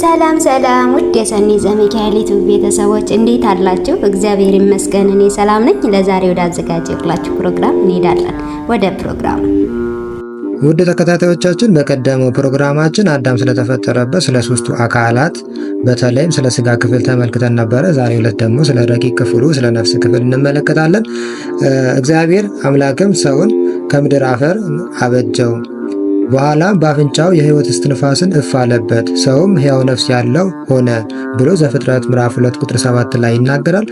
ሰላም ሰላም ውድ የሰኒ ዘሚካኤል ዩቲዩብ ቤተሰቦች እንዴት አላችሁ? እግዚአብሔር ይመስገን እኔ ሰላም ነኝ። ለዛሬ ወደ አዘጋጀሁላችሁ ፕሮግራም እንሄዳለን። ወደ ፕሮግራም ውድ ተከታታዮቻችን በቀደመው ፕሮግራማችን አዳም ስለተፈጠረበት ስለ ሶስቱ አካላት በተለይም ስለ ስጋ ክፍል ተመልክተን ነበረ። ዛሬ ሁለት ደግሞ ስለ ረቂቅ ክፍሉ ስለ ነፍስ ክፍል እንመለከታለን። እግዚአብሔር አምላክም ሰውን ከምድር አፈር አበጀው በኋላም በአፍንጫው የሕይወት እስትንፋስን እፍ አለበት፣ ሰውም ሕያው ነፍስ ያለው ሆነ ብሎ ዘፍጥረት ምዕራፍ 2 ቁጥር 7 ላይ ይናገራል።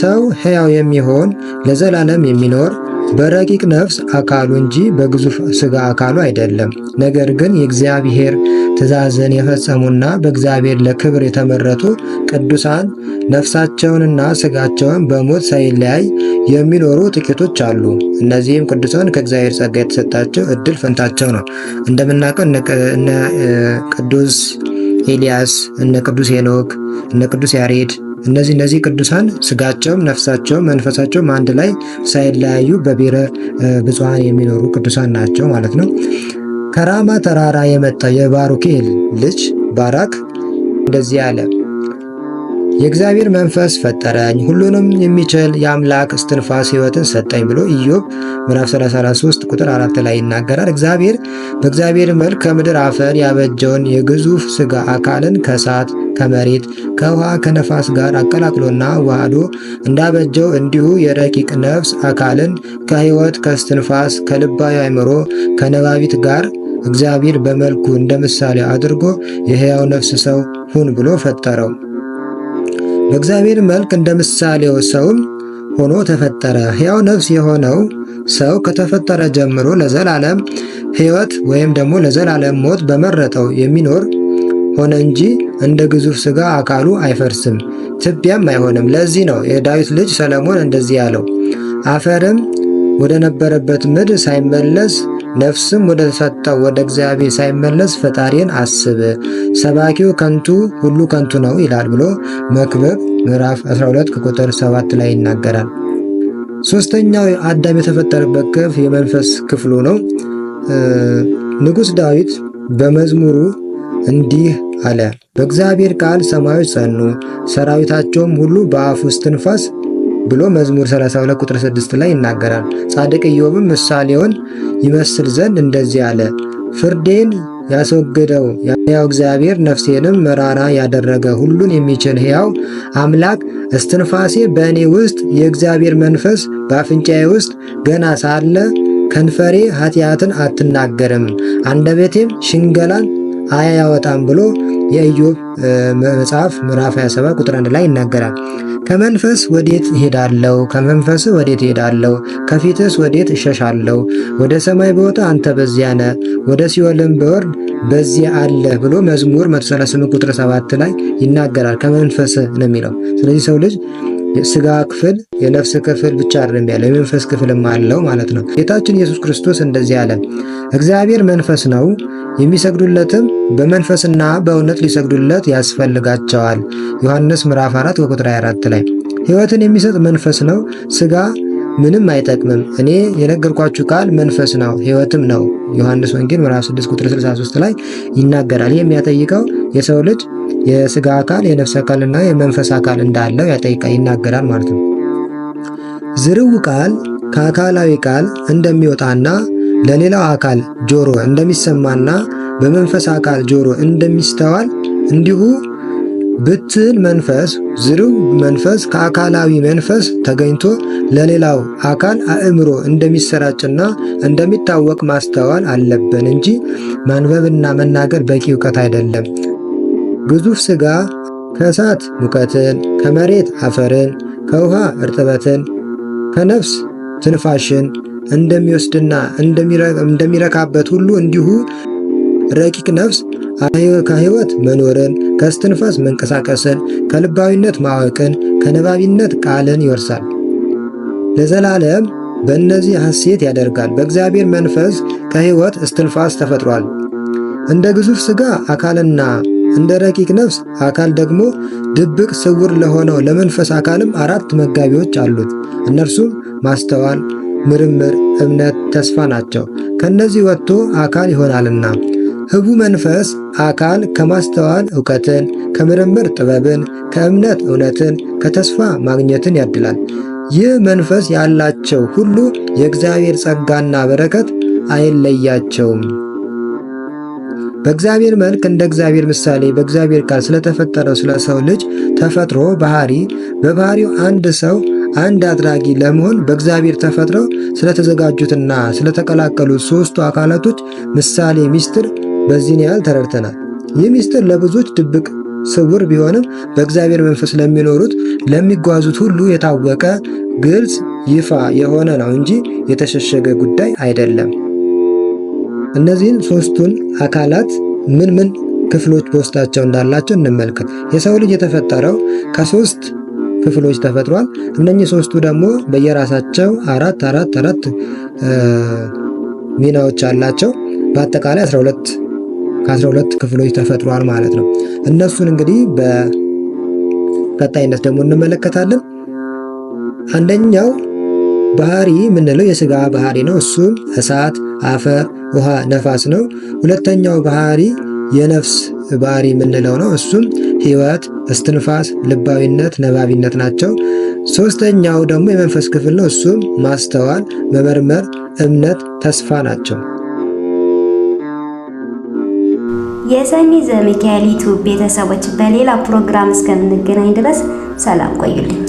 ሰው ሕያው የሚሆን ለዘላለም የሚኖር በረቂቅ ነፍስ አካሉ እንጂ በግዙፍ ሥጋ አካሉ አይደለም። ነገር ግን የእግዚአብሔር ትእዛዝን የፈጸሙና በእግዚአብሔር ለክብር የተመረጡ ቅዱሳን ነፍሳቸውንና ስጋቸውን በሞት ሳይለያይ የሚኖሩ ጥቂቶች አሉ። እነዚህም ቅዱሳን ከእግዚአብሔር ጸጋ የተሰጣቸው እድል ፈንታቸው ነው። እንደምናውቀው እነ ቅዱስ ኤልያስ፣ እነ ቅዱስ ሄኖክ፣ እነ ቅዱስ ያሬድ እነዚህ እነዚህ ቅዱሳን ስጋቸውም ነፍሳቸውም መንፈሳቸውም አንድ ላይ ሳይለያዩ በብሔረ ብፁዓን የሚኖሩ ቅዱሳን ናቸው ማለት ነው። ከራማ ተራራ የመጣ የባሩኬል ልጅ ባራክ እንደዚህ አለ። የእግዚአብሔር መንፈስ ፈጠረኝ፣ ሁሉንም የሚችል የአምላክ እስትንፋስ ሕይወትን ሰጠኝ ብሎ ኢዮብ ምዕራፍ 33 ቁጥር 4 ላይ ይናገራል። እግዚአብሔር በእግዚአብሔር መልክ ከምድር አፈር ያበጀውን የግዙፍ ስጋ አካልን ከእሳት ከመሬት ከውሃ ከነፋስ ጋር አቀላቅሎና ዋህዶ እንዳበጀው እንዲሁ የረቂቅ ነፍስ አካልን ከሕይወት ከእስትንፋስ ከልባዊ አእምሮ ከነባቢት ጋር እግዚአብሔር በመልኩ እንደ ምሳሌ አድርጎ የሕያው ነፍስ ሰው ሁን ብሎ ፈጠረው። በእግዚአብሔር መልክ እንደ ምሳሌው ሰውም ሆኖ ተፈጠረ። ሕያው ነፍስ የሆነው ሰው ከተፈጠረ ጀምሮ ለዘላለም ሕይወት ወይም ደግሞ ለዘላለም ሞት በመረጠው የሚኖር ሆነ እንጂ እንደ ግዙፍ ሥጋ አካሉ አይፈርስም፣ ትቢያም አይሆንም። ለዚህ ነው የዳዊት ልጅ ሰለሞን እንደዚህ ያለው አፈርም ወደ ነበረበት ምድር ሳይመለስ ነፍስም ወደ ሰጠው ወደ እግዚአብሔር ሳይመለስ ፈጣሪን አስብ፣ ሰባኪው ከንቱ ሁሉ ከንቱ ነው ይላል ብሎ መክብብ ምዕራፍ 12 ከቁጥር 7 ላይ ይናገራል። ሶስተኛው አዳም የተፈጠረበት ክፍ የመንፈስ ክፍሉ ነው። ንጉሥ ዳዊት በመዝሙሩ እንዲህ አለ። በእግዚአብሔር ቃል ሰማዮች ጸኑ፣ ሰራዊታቸውም ሁሉ በአፉ እስትንፋስ ብሎ መዝሙር 32 ቁጥር 6 ላይ ይናገራል። ጻድቅ ኢዮብም ምሳሌውን ይመስል ዘንድ እንደዚህ አለ። ፍርዴን ያስወግደው ያው እግዚአብሔር ነፍሴንም መራራ ያደረገ ሁሉን የሚችል ሕያው አምላክ እስትንፋሴ በእኔ ውስጥ የእግዚአብሔር መንፈስ በአፍንጫዬ ውስጥ ገና ሳለ ከንፈሬ ኃጢአትን አትናገርም አንደበቴም ሽንገላን አያያወጣም ብሎ የኢዮብ መጽሐፍ ምዕራፍ 27 ቁጥር 1 ላይ ይናገራል። ከመንፈስ ወዴት እሄዳለሁ? ከመንፈስ ወዴት እሄዳለሁ? ከፊትስ ወዴት እሸሻለሁ? ወደ ሰማይ በወጣ አንተ በዚያ ነ፣ ወደ ሲኦልም በወርድ በዚያ አለ ብሎ መዝሙር 138 ቁጥር 7 ላይ ይናገራል። ከመንፈስ ነው የሚለው። ስለዚህ ሰው ልጅ የስጋ ክፍል የነፍስ ክፍል ብቻ አይደለም ያለው የመንፈስ ክፍልም አለው ማለት ነው። ጌታችን ኢየሱስ ክርስቶስ እንደዚህ አለ፣ እግዚአብሔር መንፈስ ነው፣ የሚሰግዱለትም በመንፈስና በእውነት ሊሰግዱለት ያስፈልጋቸዋል። ዮሐንስ ምዕራፍ 4 ቁጥር 24 ላይ ሕይወትን የሚሰጥ መንፈስ ነው፣ ስጋ ምንም አይጠቅምም። እኔ የነገርኳችሁ ቃል መንፈስ ነው ሕይወትም ነው። ዮሐንስ ወንጌል ምዕራፍ 6 ቁጥር 63 ላይ ይናገራል። የሚያጠይቀው የሰው ልጅ የስጋ አካል የነፍስ አካልና የመንፈስ አካል እንዳለው ያጠይቃ ይናገራል ማለት ነው። ዝርው ቃል ከአካላዊ ቃል እንደሚወጣና ለሌላው አካል ጆሮ እንደሚሰማና በመንፈስ አካል ጆሮ እንደሚስተዋል እንዲሁ ብትል መንፈስ ዝርው መንፈስ ከአካላዊ መንፈስ ተገኝቶ ለሌላው አካል አእምሮ እንደሚሰራጭና እንደሚታወቅ ማስተዋል አለብን እንጂ ማንበብና መናገር በቂ እውቀት አይደለም። ግዙፍ ሥጋ ከእሳት ሙቀትን፣ ከመሬት አፈርን፣ ከውሃ እርጥበትን፣ ከነፍስ ትንፋሽን እንደሚወስድና እንደሚረካበት ሁሉ እንዲሁ ረቂቅ ነፍስ ከሕይወት መኖርን፣ ከስትንፋስ መንቀሳቀስን፣ ከልባዊነት ማወቅን፣ ከነባቢነት ቃልን ይወርሳል። ለዘላለም በእነዚህ ሐሴት ያደርጋል። በእግዚአብሔር መንፈስ ከሕይወት እስትንፋስ ተፈጥሯል። እንደ ግዙፍ ሥጋ አካልና እንደ ረቂቅ ነፍስ አካል ደግሞ ድብቅ ስውር ለሆነው ለመንፈስ አካልም አራት መጋቢዎች አሉት። እነርሱም ማስተዋል፣ ምርምር፣ እምነት፣ ተስፋ ናቸው። ከእነዚህ ወጥቶ አካል ይሆናልና ህቡ መንፈስ አካል ከማስተዋል እውቀትን፣ ከምርምር ጥበብን፣ ከእምነት እውነትን፣ ከተስፋ ማግኘትን ያድላል። ይህ መንፈስ ያላቸው ሁሉ የእግዚአብሔር ጸጋና በረከት አይለያቸውም። በእግዚአብሔር መልክ እንደ እግዚአብሔር ምሳሌ በእግዚአብሔር ቃል ስለተፈጠረው ስለ ሰው ልጅ ተፈጥሮ ባህሪ በባህሪው አንድ ሰው አንድ አድራጊ ለመሆን በእግዚአብሔር ተፈጥረው ስለተዘጋጁትና ስለተቀላቀሉት ሦስቱ አካላቶች ምሳሌ ሚስጥር በዚህን ያህል ተረድተናል። ይህ ሚስጥር ለብዙዎች ድብቅ ስውር ቢሆንም በእግዚአብሔር መንፈስ ለሚኖሩት ለሚጓዙት ሁሉ የታወቀ ግልጽ፣ ይፋ የሆነ ነው እንጂ የተሸሸገ ጉዳይ አይደለም። እነዚህን ሶስቱን አካላት ምን ምን ክፍሎች በውስጣቸው እንዳላቸው እንመልከት። የሰው ልጅ የተፈጠረው ከሶስት ክፍሎች ተፈጥሯል። እነኚህ ሶስቱ ደግሞ በየራሳቸው አራት አራት አራት ሚናዎች አላቸው። በአጠቃላይ 12 ከ12 ክፍሎች ተፈጥሯል ማለት ነው። እነሱን እንግዲህ በቀጣይነት ደግሞ እንመለከታለን። አንደኛው ባህሪ የምንለው የስጋ ባህሪ ነው። እሱም እሳት፣ አፈ ውሃ ነፋስ ነው። ሁለተኛው ባህሪ የነፍስ ባህሪ የምንለው ነው። እሱም ህይወት፣ እስትንፋስ፣ ልባዊነት፣ ነባቢነት ናቸው። ሶስተኛው ደግሞ የመንፈስ ክፍል ነው። እሱም ማስተዋል፣ መመርመር፣ እምነት፣ ተስፋ ናቸው። የሰኒ ዘሚካኤል ቤተሰቦች በሌላ ፕሮግራም እስከምንገናኝ ድረስ ሰላም ቆዩልኝ።